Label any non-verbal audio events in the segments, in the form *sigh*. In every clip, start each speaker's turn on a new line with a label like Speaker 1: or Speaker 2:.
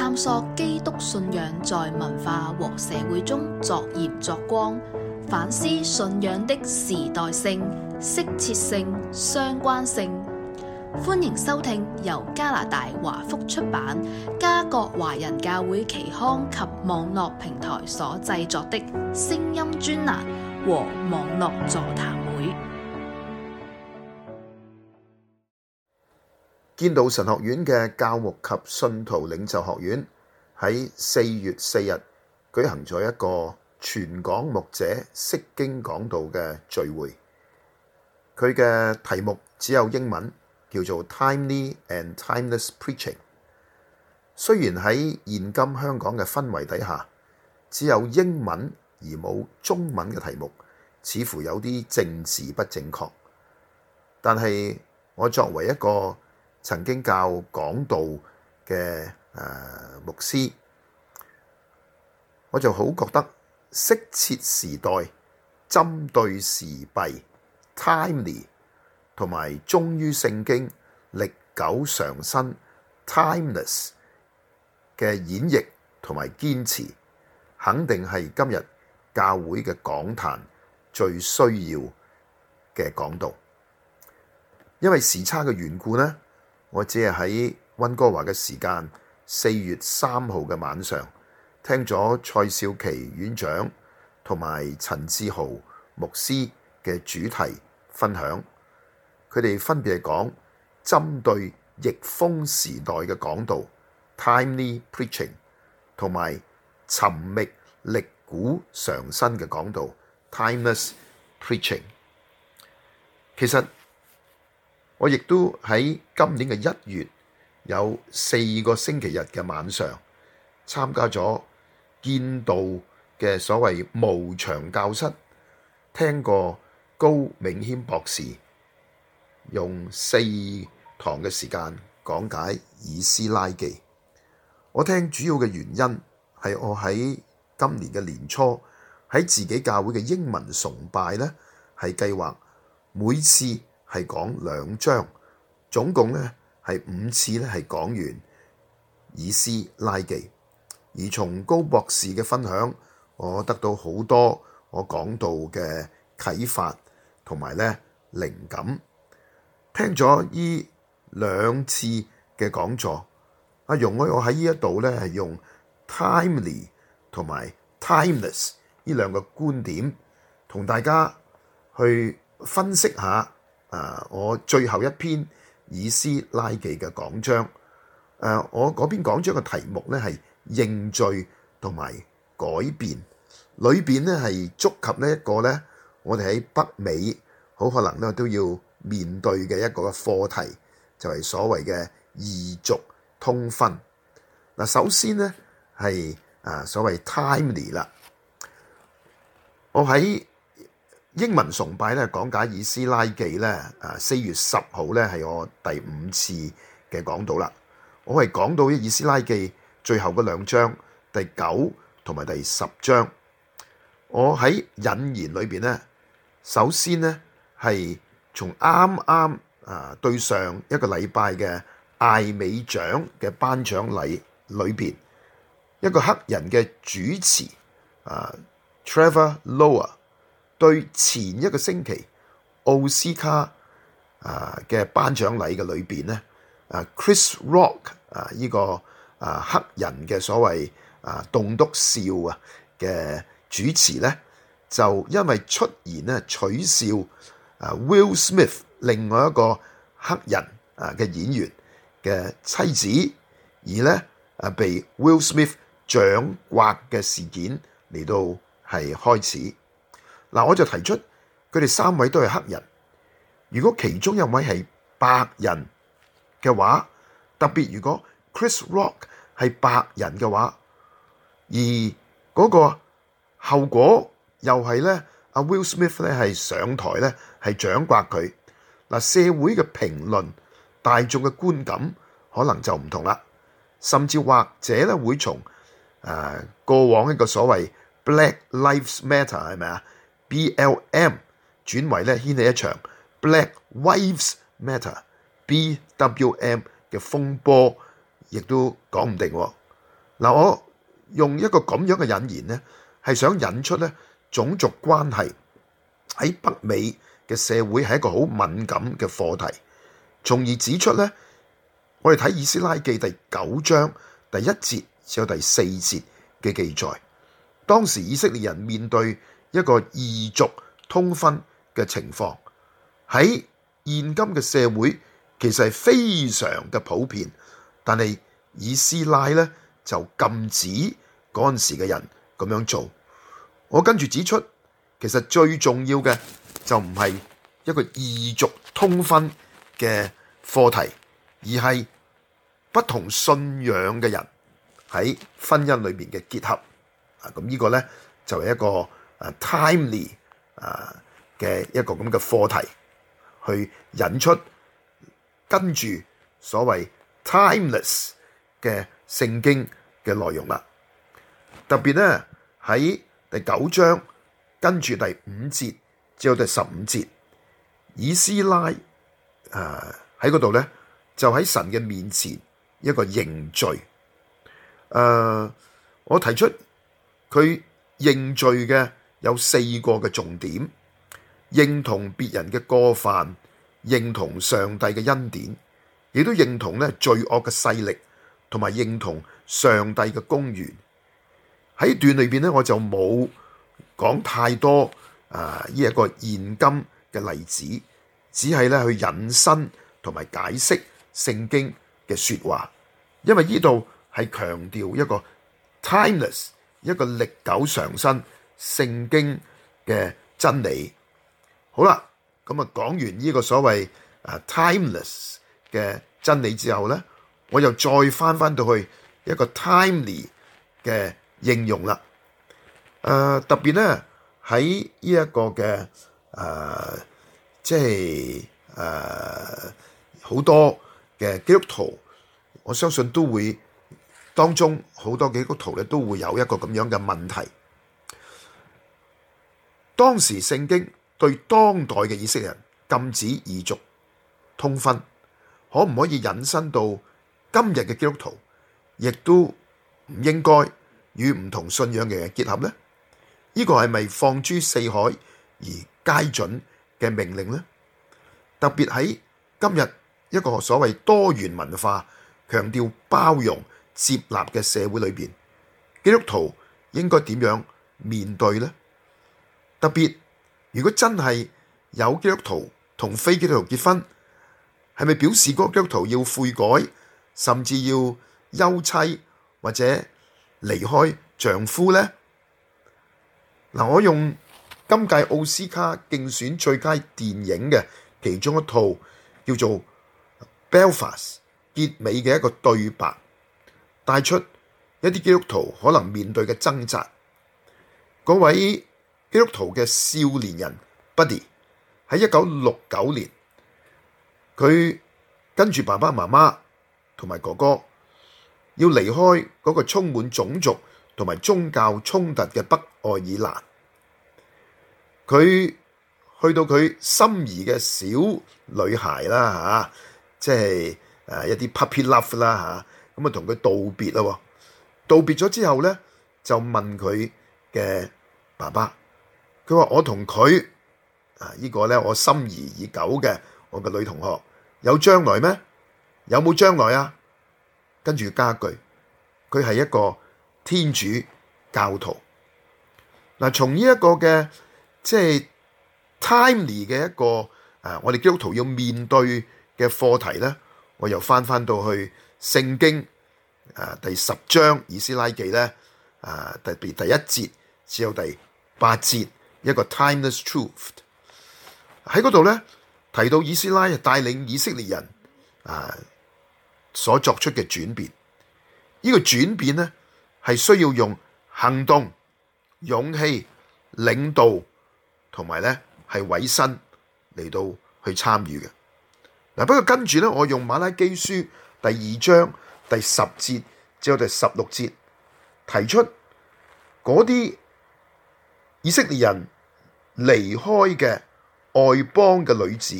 Speaker 1: 探索基督信仰在文化和社會中作鹽作光，反思信仰的時代性、適切性、相關性。歡迎收聽由加拿大華福出版、加國華人教會期刊及網絡平台所製作的聲音專欄和網絡座談。建道神學院嘅教牧及信徒領袖學院喺四月四日舉行咗一個全港牧者釋經講道嘅聚會。佢嘅題目只有英文，叫做《Timely and Timeless Preaching》。雖然喺現今香港嘅氛圍底下只有英文而冇中文嘅題目，似乎有啲政治不正確，但係我作為一個曾經教講道嘅誒、呃、牧師，我就好覺得適切時代、針對時弊 （timely） 同埋忠於聖經、歷久常新 （timeless） 嘅演繹同埋堅持，肯定係今日教會嘅講壇最需要嘅講道。因為時差嘅緣故呢。我只係喺溫哥華嘅時間四月三號嘅晚上，聽咗蔡少琪院長同埋陳志豪牧師嘅主題分享。佢哋分別係講針對逆風時代嘅講道 （timely preaching） 同埋尋覓歷古常新嘅講道 t i m e r o u s preaching）。其實，我亦都喺今年嘅一月有四個星期日嘅晚上，參加咗建道嘅所謂無牆教室，聽過高銘謙博士用四堂嘅時間講解以斯拉記。我聽主要嘅原因係我喺今年嘅年初喺自己教會嘅英文崇拜呢，係計劃每次，係講兩章，總共呢係五次咧，係講完以斯拉記。而從高博士嘅分享，我得到好多我講到嘅啟發同埋呢靈感。聽咗依兩次嘅講座，阿容許我喺呢一度呢用 timely 同埋 timeless 呢兩個觀點同大家去分析下。啊！我最後一篇以斯拉記嘅講章，誒、啊，我嗰篇講章嘅題目呢係認罪同埋改變，裏邊呢係觸及呢一個呢，我哋喺北美好可能呢都要面對嘅一個嘅課題，就係、是、所謂嘅異族通婚。嗱、啊，首先呢係啊，所謂 timely 啦，我喺，英文崇拜咧，講解以斯拉記咧，啊，四月十號咧係我第五次嘅講道啦。我係講到《以斯拉記》最後嘅兩章，第九同埋第十章。我喺引言裏邊咧，首先呢，係從啱啱啊對上一個禮拜嘅艾美獎嘅頒獎禮裏邊，一個黑人嘅主持 Trevor Noah 對前一個星期奧斯卡啊嘅頒獎禮嘅裏邊呢，啊 Chris Rock 啊呢個啊黑人嘅所謂啊棟篤笑啊嘅主持呢，就因為出現呢取笑啊 Will Smith 另外一個黑人啊嘅演員嘅妻子，而呢啊被 Will Smith 掌摑嘅事件嚟到係開始。嗱，我就提出佢哋三位都係黑人。如果其中一位係白人嘅話，特別如果 Chris Rock 係白人嘅話，而嗰個後果又係咧，阿 Will Smith 咧係上台咧係掌摑佢。嗱，社會嘅評論、大眾嘅觀感可能就唔同啦。甚至或者咧會從誒過往一個所謂 Black Lives Matter 係咪啊？B.L.M. 轉為咧掀起一場 Black Wives Matter（B.W.M.） 嘅風波，亦都講唔定。嗱，我用一個咁樣嘅引言咧，係想引出咧種族關係喺北美嘅社會係一個好敏感嘅課題，從而指出咧，我哋睇《以斯拉記》第九章第一節至到第四節嘅記載，當時以色列人面對一個異族通婚嘅情況，喺現今嘅社會，其實係非常嘅普遍，但係以斯拉咧就禁止嗰陣時嘅人咁樣做。我跟住指出，其實最重要嘅就唔係一個異族通婚嘅課題，而係不同信仰嘅人喺婚姻裏面嘅結合。啊，咁、這、呢個咧就係、是、一個。啊，timely 啊嘅一個咁嘅課題，去引出跟住所謂 timeless 嘅聖經嘅內容啦。特別咧喺第九章跟住第五節至到第十五節，以斯拉啊喺嗰度咧就喺神嘅面前一個認罪。誒、呃，我提出佢認罪嘅。有四個嘅重點：認同別人嘅過犯，認同上帝嘅恩典，亦都認同咧罪惡嘅勢力，同埋認同上帝嘅公義。喺段裏邊咧，我就冇講太多啊！呢、這、一個現今嘅例子，只係咧去引申同埋解釋聖經嘅說話，因為呢度係強調一個 timeless，一個歷久常新。聖經嘅真理，好啦，咁啊講完呢個所謂啊 timeless 嘅真理之後咧，我又再返返到去一個 timely 嘅應用啦。誒，特別咧喺呢一個嘅誒，即係誒好多嘅基督徒，我相信都會當中好多基督徒咧都會有一個咁樣嘅問題。當時聖經對當代嘅以色列人禁止異族通婚，可唔可以引申到今日嘅基督徒亦都唔應該與唔同信仰嘅人結合呢？呢個係咪放諸四海而皆準嘅命令呢？特別喺今日一個所謂多元文化、強調包容、接納嘅社會裏邊，基督徒應該點樣面對呢？特別如果真係有基督徒同非基督徒結婚，係咪表示嗰個基督徒要悔改，甚至要休妻或者離開丈夫呢？嗱，我用今屆奧斯卡競選最佳電影嘅其中一套叫做《Belfast》結尾嘅一個對白，帶出一啲基督徒可能面對嘅掙扎。嗰位基督徒嘅少年人 Buddy 喺一九六九年，佢跟住爸爸媽媽同埋哥哥要離開嗰個充滿種族同埋宗教衝突嘅北愛爾蘭，佢去到佢心儀嘅小女孩啦吓，啊，即係誒一啲 puppy love 啦，啊，吓，咁啊同佢道別啦，道別咗之後呢就問佢嘅爸爸。佢話：我同佢啊，呢個咧，我心儀已久嘅，我嘅女同學有將來咩？有冇將來啊？跟住加句，佢係一個天主教徒。嗱，從呢一個嘅即係 timely 嘅一個啊，我哋基督徒要面對嘅課題咧，我又翻翻到去聖經啊第十章以斯拉記咧啊，特別第一節至到第八節。一個 timeless truth 喺嗰度咧提到以斯拉帶領以色列人啊所作出嘅轉變，呢個轉變咧係需要用行動、勇氣、領導同埋咧係委身嚟到去參與嘅。嗱，不過跟住咧，我用馬拉基書第二章第十節至到第十六節提出嗰啲。以色列人離開嘅外邦嘅女子，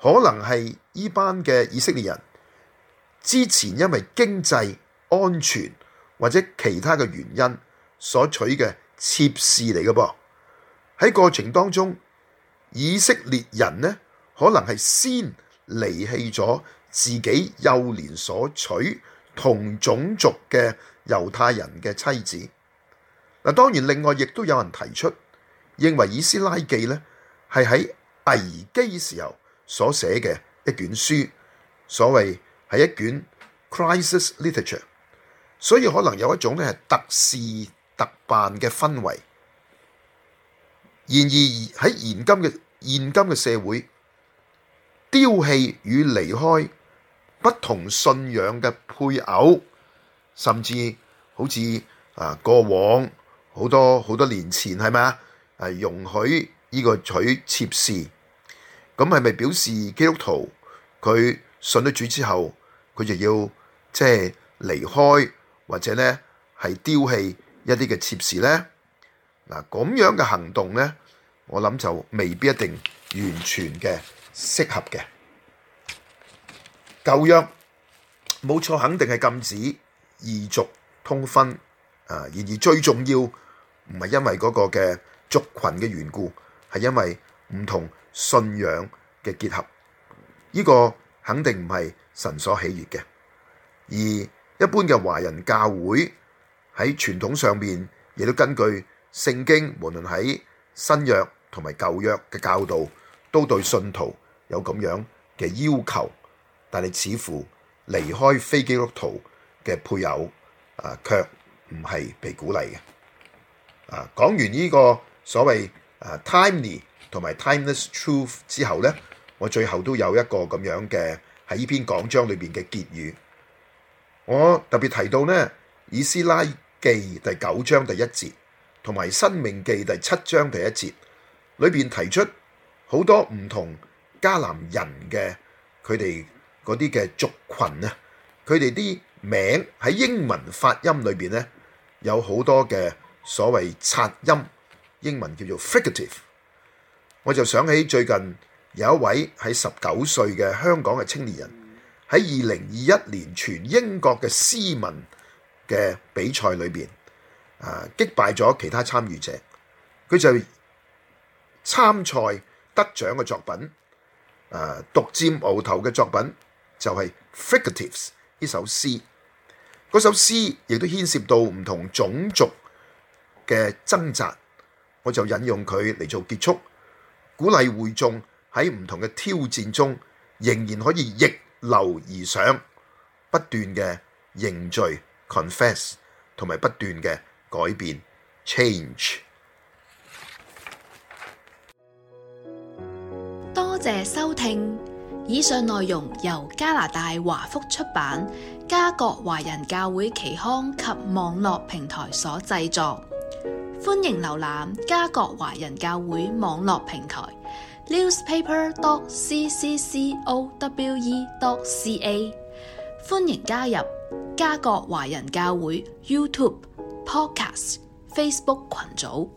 Speaker 1: 可能係呢班嘅以色列人之前因為經濟、安全或者其他嘅原因所娶嘅妾侍嚟嘅噃。喺過程當中，以色列人呢可能係先離棄咗自己幼年所娶同種族嘅猶太人嘅妻子。嗱，當然另外亦都有人提出，認為《以斯拉記》咧係喺危機時候所寫嘅一卷書，所謂係一卷 crisis literature，所以可能有一種咧係特事特辦嘅氛圍。然而喺現今嘅現今嘅社會，丟棄與離開不同信仰嘅配偶，甚至好似啊過往。好多好多年前係咪？誒、啊、容許呢個取妾侍，咁係咪表示基督徒佢信咗主之後，佢就要即係離開或者咧係丟棄一啲嘅妾侍咧？嗱、啊，咁樣嘅行動咧，我諗就未必一定完全嘅適合嘅。舊約冇錯，肯定係禁止異族通婚。啊！然而最重要唔係因為嗰個嘅族群嘅緣故，係因為唔同信仰嘅結合，呢、這個肯定唔係神所喜悅嘅。而一般嘅華人教會喺傳統上面亦都根據聖經，無論喺新約同埋舊約嘅教導，都對信徒有咁樣嘅要求。但係似乎離開非基督徒嘅配偶啊、呃，卻唔係被鼓勵嘅。啊，講完呢個所謂、啊、timely 同埋 timeless truth 之後呢，我最後都有一個咁樣嘅喺呢篇講章裏邊嘅結語。我特別提到呢，《以斯拉記》第九章第一節，同埋《申命記》第七章第一節裏邊提出好多唔同迦南人嘅佢哋嗰啲嘅族群。啊，佢哋啲名喺英文發音裏邊呢。有好多嘅所謂擦音，英文叫做 fricative。我就想起最近有一位喺十九歲嘅香港嘅青年人，喺二零二一年全英國嘅詩文嘅比賽裏邊，啊，擊敗咗其他參與者。佢就參賽得獎嘅作品，啊，獨佔鰲頭嘅作品就係、是《fricatives》呢首詩。嗰首詩亦都牽涉到唔同種族嘅爭執，我就引用佢嚟做結束，鼓勵會眾喺唔同嘅挑戰中，仍然可以逆流而上，不斷嘅認罪 （confess） 同埋不斷嘅改變 （change）。多謝收聽。以上內容由加拿大華福出版、加國華人教會期刊及網絡平台所製作，歡迎瀏覽加國華人教會網絡平台 *music* newspaper.cccowe.ca，歡迎加入加國華人教會 YouTube、Podcast、Facebook 群組。